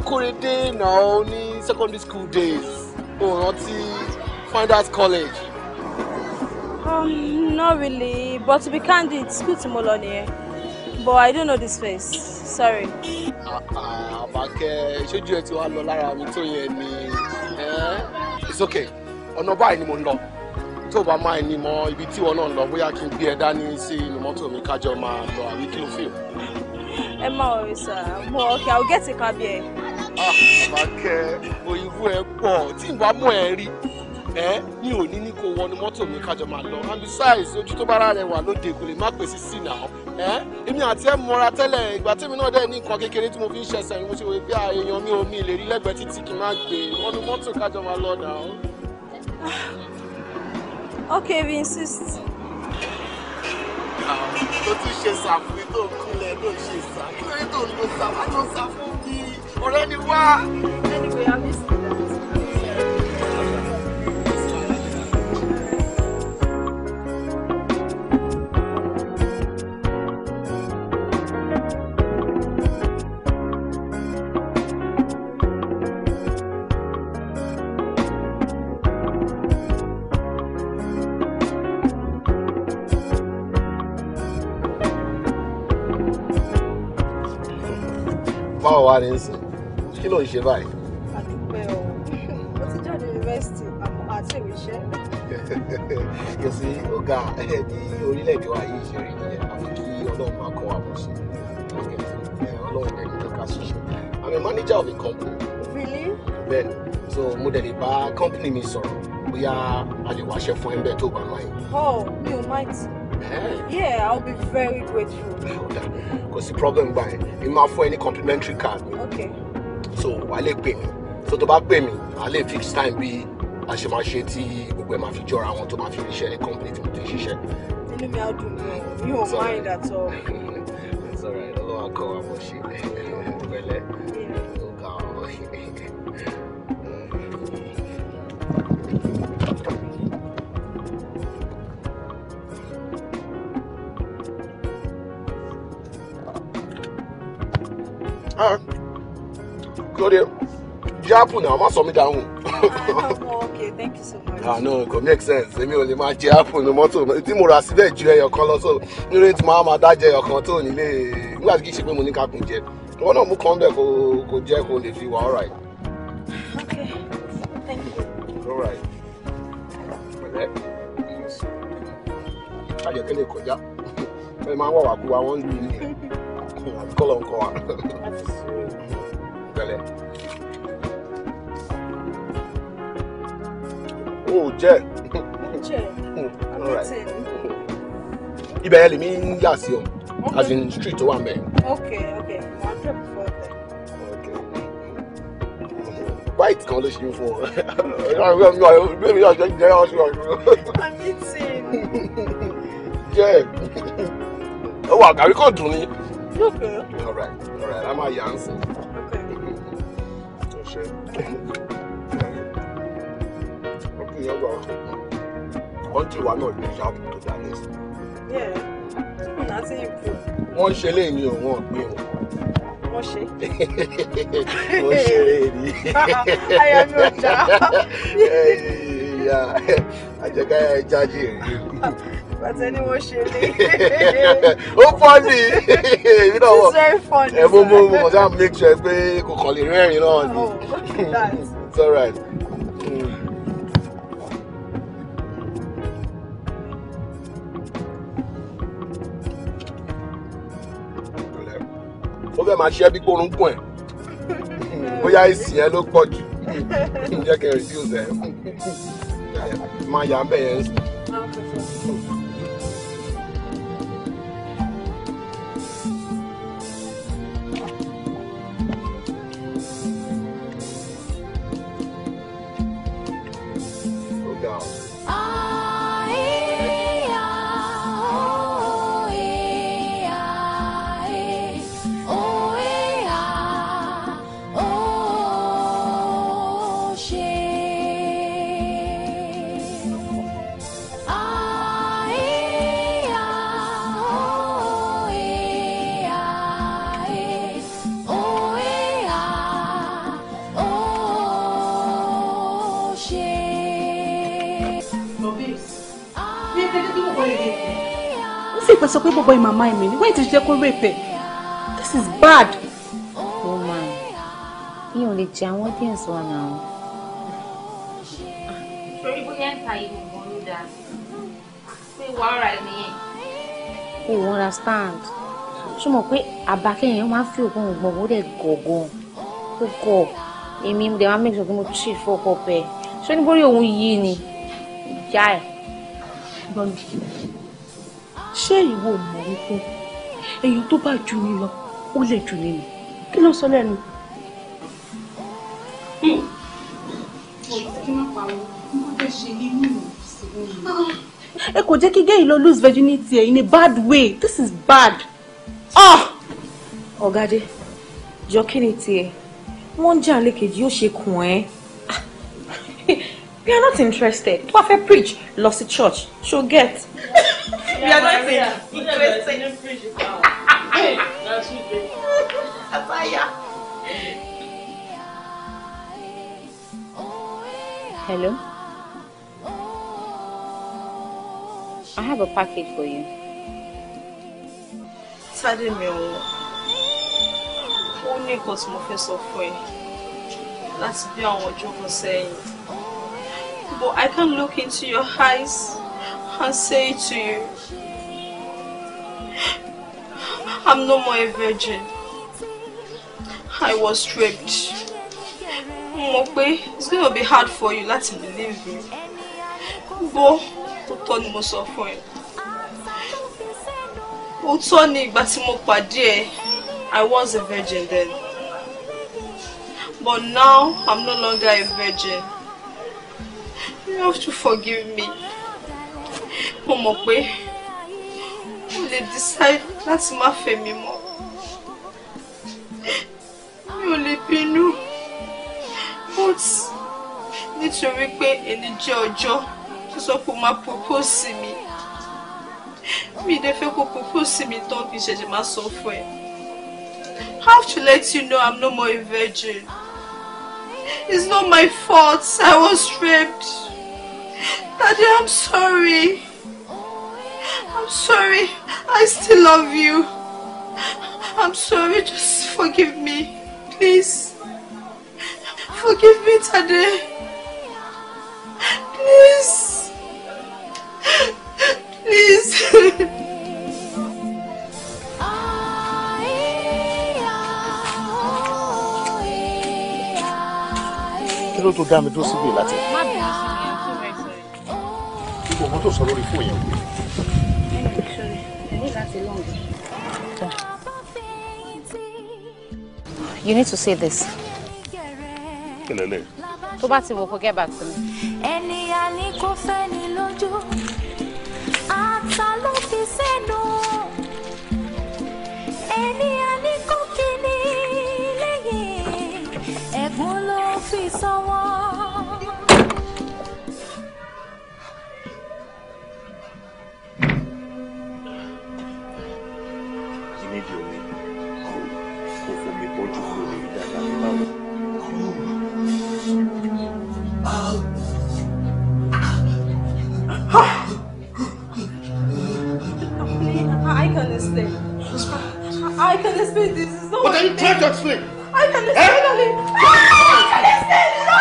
Akorede náà ní secondary school days òun rántí Finders College. Um, not really, but to be candid, school tí mo lọ nìyẹn. But I don't know this place. sorry. Ah, ah, Àbákẹ́ ìṣojú ẹ ti wá lọ lára mi tó yẹ ni. Eh? It's okay, ọ̀nà báyìí ni mo ń lọ. Tó o bá máa ní mọ ibi tí ìwọ náà ń lọ, bóyá kí n gbé ẹ dání sí inú mọ́tò mi kájọ máa lọ àbí kí ló fìlò. Ẹ má worry sir, mo okay, I will get a cab here àbákẹ́ ah, òyìnbó ẹ pọ̀ tí n bá mú ẹ rí ẹ mi ò ní ní wọnú mọ́tò mi kájọ máa lọ and besides ojú tó bára rẹ wà lóde kò lè má pèsè sí nà ọ ẹ èmi àti ẹ mọra tẹ́lẹ̀ ìgbà tèmi náà dẹ̀ ní nǹkan kékeré tí mo fi ń ṣẹ̀ṣẹ̀ mo ṣe wò pé èèyàn mi ò mi lè rí lẹ́gbẹ̀ẹ́ títí kí n má gbé e. wọnú mọ́tò kájọ máa lọ nà ọ. Ah, okay we insist ah, ó tún ṣe sàfù tó kúnlẹ̀ ló ṣe sà kí lóyún tó ń lo sàfù tó sàfù bíi ọ̀rẹ́ ni wá. báwo wá ní kí ló ń ṣe báyìí. àdúpẹ́ o mo ti jáde yunifásitì àti ìrìṣẹ́. yóò *laughs* ọ̀gá ní eh, orílẹ̀-èdè wa yìí ṣe rí nìyẹn àfi kí ọlọ́run máa kọ́ àwọn ṣe eh, ọlọ́run dẹ̀ nílò ká ṣiṣẹ́ i'm a manager of a company. really? then so mo dẹ̀ lè bá company mi sọ̀rọ̀ bóyá a lè wáṣẹ́ fún ẹ̀ ń bẹ̀ tó bá máa yìí. oh mi ò máa tì. Eh? Yeah. I'll be very grateful. Because ah, the problem by you might for any complimentary card. Okay so wàá lè pè mí so tó bá pè mí a lè fix time bí a ṣe máa ṣe tí gbogbo ẹ̀ máa fi jọra wọn tó máa fi ríṣẹ́ ní complete tí mo ti ṣiṣẹ́. ilé mi á dùn mí o mind at all. *laughs* it's alright ọlọ́wà kọ́ wa mo ṣe *laughs* pẹ̀lẹ́. di apple náà má sọ mí dáhùn. Oh, okay thank you so much. ah no kò make sense èmi ò lè máa jẹ apple ní mọ́tò tí mo rà síbẹ̀ ju ẹyọ kan lọ so nílé tí màá máa dájẹ ẹyọ kan tó nílé nígbà tí kì í ṣe pé mo ní ká kùn jẹ wọn náà mú kan bẹ́ẹ̀ kó jẹ́ kó lè fi wà all right. okay thank you. all right pẹ̀lẹ́ ayọ̀kẹ́lẹ̀ kọjá ẹ máa ń wà wàkúwà wọ́n ń lu ní *laughs* kọ́lọ̀ ń kọ́ wa pẹ̀lẹ́. ò jẹ́. *laughs* ibẹ̀ yẹn lèmi ń yà sí ọ as in street tó wà mẹ́. white kan ló ṣe ń fún ọ bẹ́ẹ̀ni yóò ṣe jẹ́ ọṣù ọ̀ṣun. jẹ́ ó wà gàrí kò dùn ni. Okay. All right. All right. I'm a Yancy. Okay nìyẹn wà kọ́ńtì wa náà to yàgò tó Yeah, ní ìsìn. wọ́n ṣe léyìn o wọ́n gbé o. wọ́n ṣe. *laughs* wọ́n ṣe èyí. *laughs* àyà mi ò já. àjẹkáyà ẹ jáde èrè. Bàtẹ ni wọ́n ṣe lé. *laughs* Ó fọ́nì. Èmi náà wọ̀. It's very funny. Ẹ mo mo mo mo sáà make sure pé kò kàn lè rẹ́rìn náà ni. Oh, look It's all right. Mm. fẹ́ máa ṣe bí kórun gùn ẹ̀ bóyá èsì yẹn ló pọ̀ jù jẹ́ kí n máa yà ń yẹn sí. pé bọ́bọ́ yìí màmá mi ni wọ́n ti jẹ́ kó rape this is bad. woman mi ò lè jẹ àwọn audience wa náà. torí bóyá ń ta ìlú mọ́ ló dáa pé wàá ra ẹ̀ nìyẹn. we understand ṣó mọ̀ pé àbákẹ́yìn máa ń fi òògùn ògbọ̀n ó dẹ̀ gọ̀ọ̀gàn ó gọ̀ èmi dẹ̀ máa make sure pé mo treat fún ọkọ pẹ̀ ṣé níborí òun yìí ni ìyá ẹ̀ ṣé ìwọ mọ̀ wípé èèyàn tó bá jù ní lọ ó lè jù ní kí ló sọ lẹ́nu. ẹ kò jẹ́ kí gẹ́yìn lọ lose virginity in a bad way this is bad. Ah! ọ̀gádé jọ kí ni tiẹ̀ wọ́n ń jà lékejì yóò ṣe kùn ẹ́ *laughs* we are not interested tó fẹ́ preach lọ sí church ṣó get we are not interested. interested. Hello? I have a package for you. Tade mi o, ó ní nǹkan tí mo fẹ́ sọ fún ẹ láti bí àwọn ọjọ́ kan sẹ́yìn. But I can look into your eyes and say to you. I'm no more a virgin. I was raped. Mo it's going to be hard for you láti believe me. Bo, òótọ́ ni mo sọ fún ẹ. Òótọ́ ni ìgbà tí mo I was a virgin then. But now, I'm no longer a virgin. You have to forgive me kó mọ̀ pé mo lè decide láti má fẹ́ mọ́ mi ò lè bínú but nítorí pé èmi jẹ́ ọjọ́ tó sọ pé máa propose mi mi dẹ̀ fẹ́ kó propose mi tán kí n ṣẹ̀ṣẹ̀ máa sọ fún ẹ. I have to let you know I'm no more a virgin. It's not my fault. I was raped. Daddy, I'm sorry. I'm sorry. I still love you. I'm sorry. Just forgive me. Please. Forgive me today. Please. Please. kí tó dá mi dúró síbi ìlàtẹ̀. má bẹ̀rẹ̀ sọ lórí fóònù yẹn àti lọ́ngà. You need to say this. Kìlẹ̀lẹ̀. Tó bá ti wò kó get back to me. Ẹni a ní kó fẹ́ ni lójú, ata ló fi sẹ́nu. Ẹni a ní kó kíni lẹ́yìn, ẹ̀gún ló fi sọ́wọ́. can't explain this. It's not what are you trying to explain? I can't explain eh? darling. I can't explain it. It's not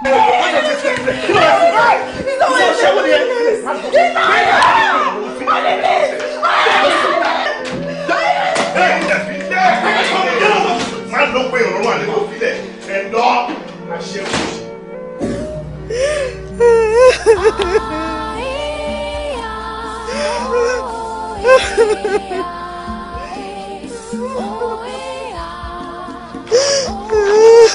what I said. It's not what I said. It's not what I said. It's not what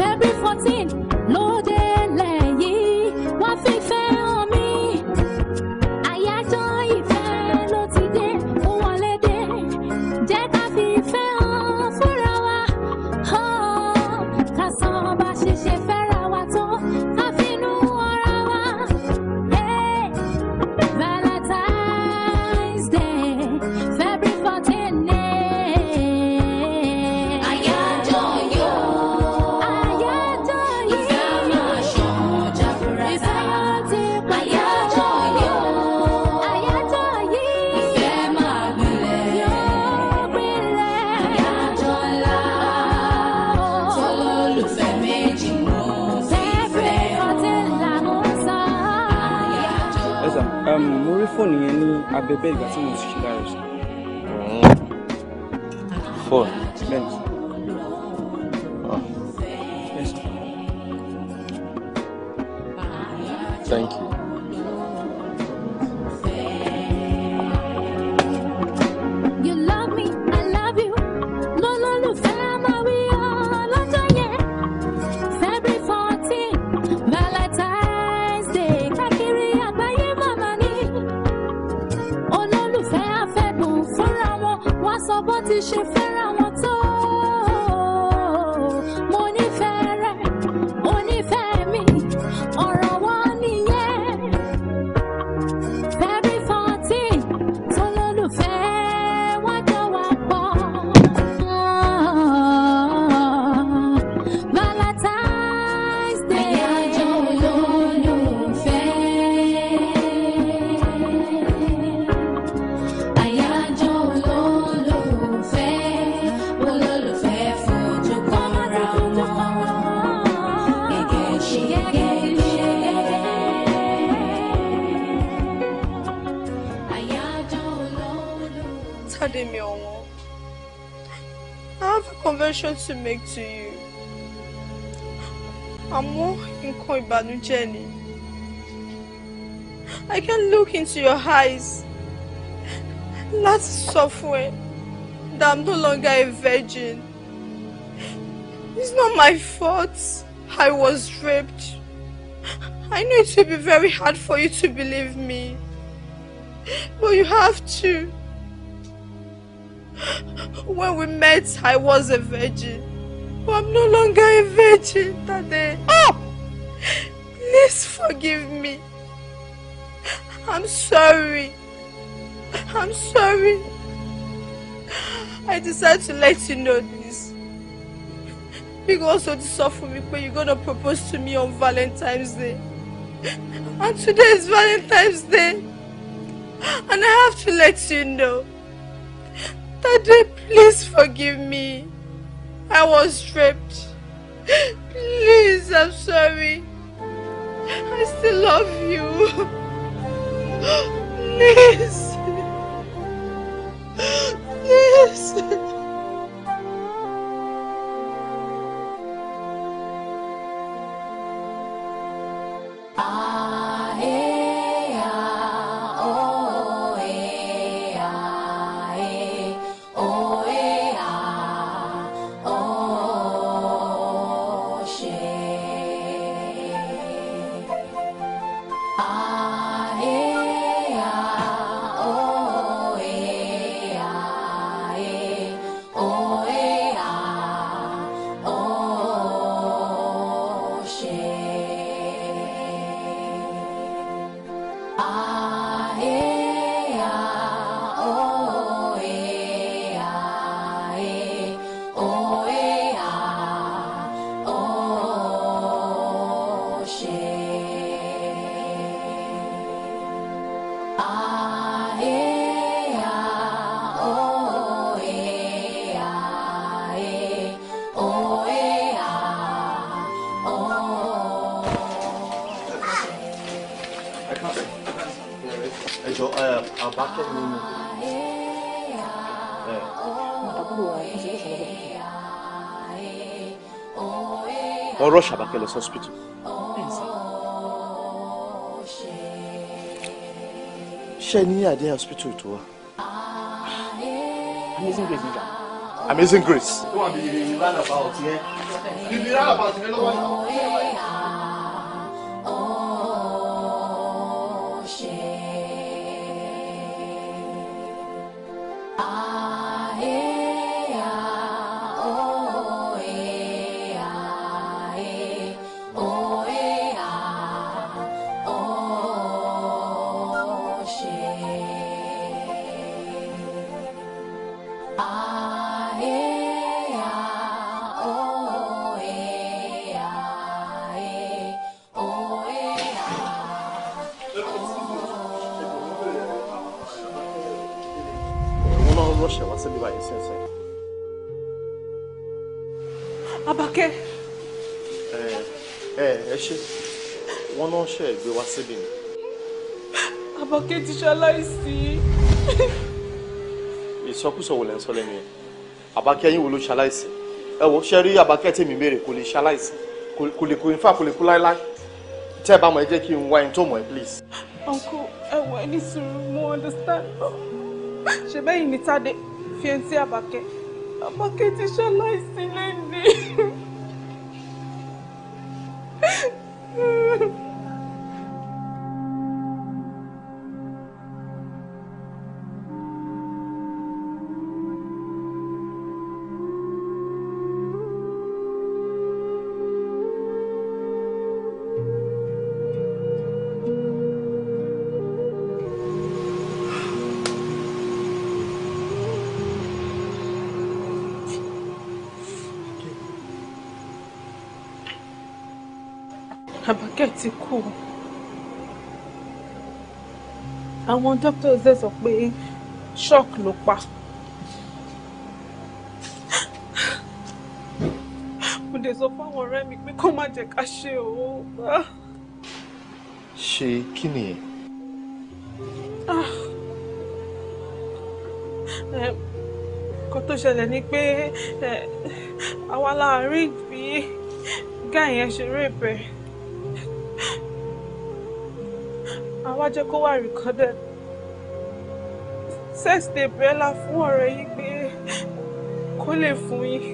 February 14, Lord. beber e gastar uns to make to you. Àmọ́ nǹkan ìbànújẹ́ Jenny. I can look into your eyes. that's software. that I'm no longer a virgin. It's not my fault. I was raped. I know it will be very hard for you to believe me. But you have to. When we met, I was a virgin. But I'm no longer a virgin, Tade. Oh! Please forgive me. I'm sorry. I'm sorry. I decided to let you know this. Because of the suffering, but you're gonna propose to me on Valentine's Day. And today is Valentine's Day. And I have to let you know. Daddy, please forgive me. I was stripped. Please, I'm sorry. I still love you. Please. Please. jọ àbákẹ́ mi ni. wọ́n rọ́ọ̀ṣì àbákẹ́ lọ sí hospital. ṣé ní àdé hospital amazing grace níjà. amazing grace. ṣe gbé wá síbí ni. àbọ̀kẹ́ ti ṣaláìsí. ìsọkúsọ wo lẹ ń sọ lẹ́nu yẹn àbákẹ́ yín wo ló ṣaláìsí ẹ wò ṣe rí àbákẹ́ tèmi béèrè kò lè ṣaláìsí kò lè kó in fact kò lè kú láéláé tẹ́ ẹ bá mọ̀ ẹ jẹ́ kí n wá ẹni tó mọ̀ ẹ please. uncle ẹ wọ ẹni sùúrù mo understand ṣe bẹ́ẹ̀ yìí ni Tádé fi ẹni sí àbákẹ́ àbákẹ́ ti ṣaláìsí lẹ́nu. Àbákẹ́ ti kú àwọn doctors dẹ̀ sọ pé shock ló pa mo dẹ̀ sọ fáwọn ọ̀rẹ́ mi pé kó má jẹ́ ká ṣe o. ṣe kí nìyẹn. Ah. nǹkan tó ṣẹlẹ̀ ni pé àwa la rí bí gáà yẹn ṣe rèébẹ̀. wá jẹ́ kó wà recorded sex tape ẹ̀ la fún ọ̀rẹ́ yìí pé kó lè fún yín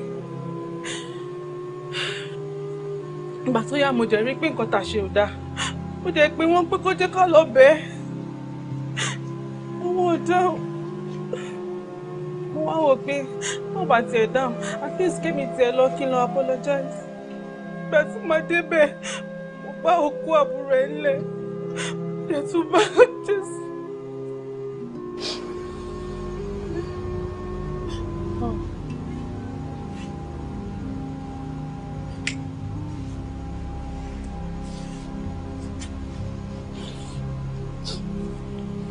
ìgbà tó yá mo jẹ́ rí pé nǹkan tà ṣe ò dáa mo jẹ́ pé wọ́n pé kó jẹ́ ká lọ bẹ́ẹ̀ owó ò dáhùn mo wá wò pé mo bá tiẹ̀ dáhùn at least kémi tiẹ̀ lọ kí n lọ apologize ìgbà tí mo débẹ̀ mo bá òkú àbúrò ẹ̀ ńlẹ̀. desumantes. Oh.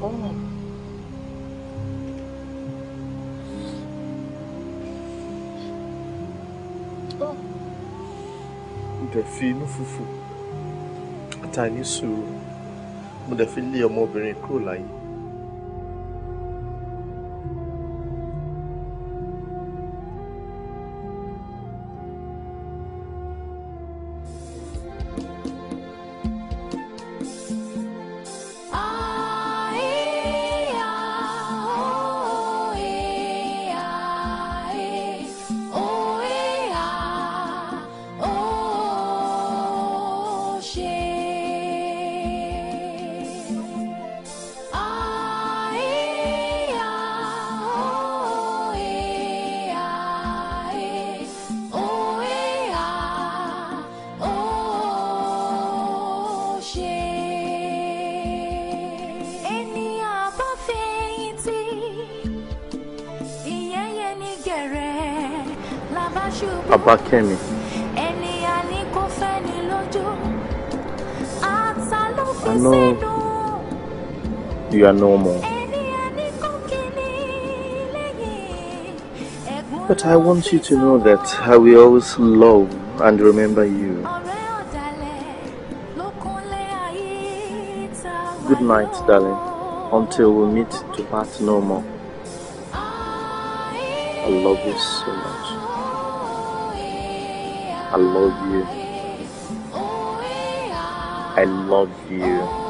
Oh. Oh. Defino fufu. Tá nisso. mo dẹ̀ fi lé ọmọbìnrin kúrò láyé. Abákẹ́mi. I know you are normal. But I want you to know that I will always love and remember you. Good night, darling, until we meet to part no more. I love you so much. I love you. I love you.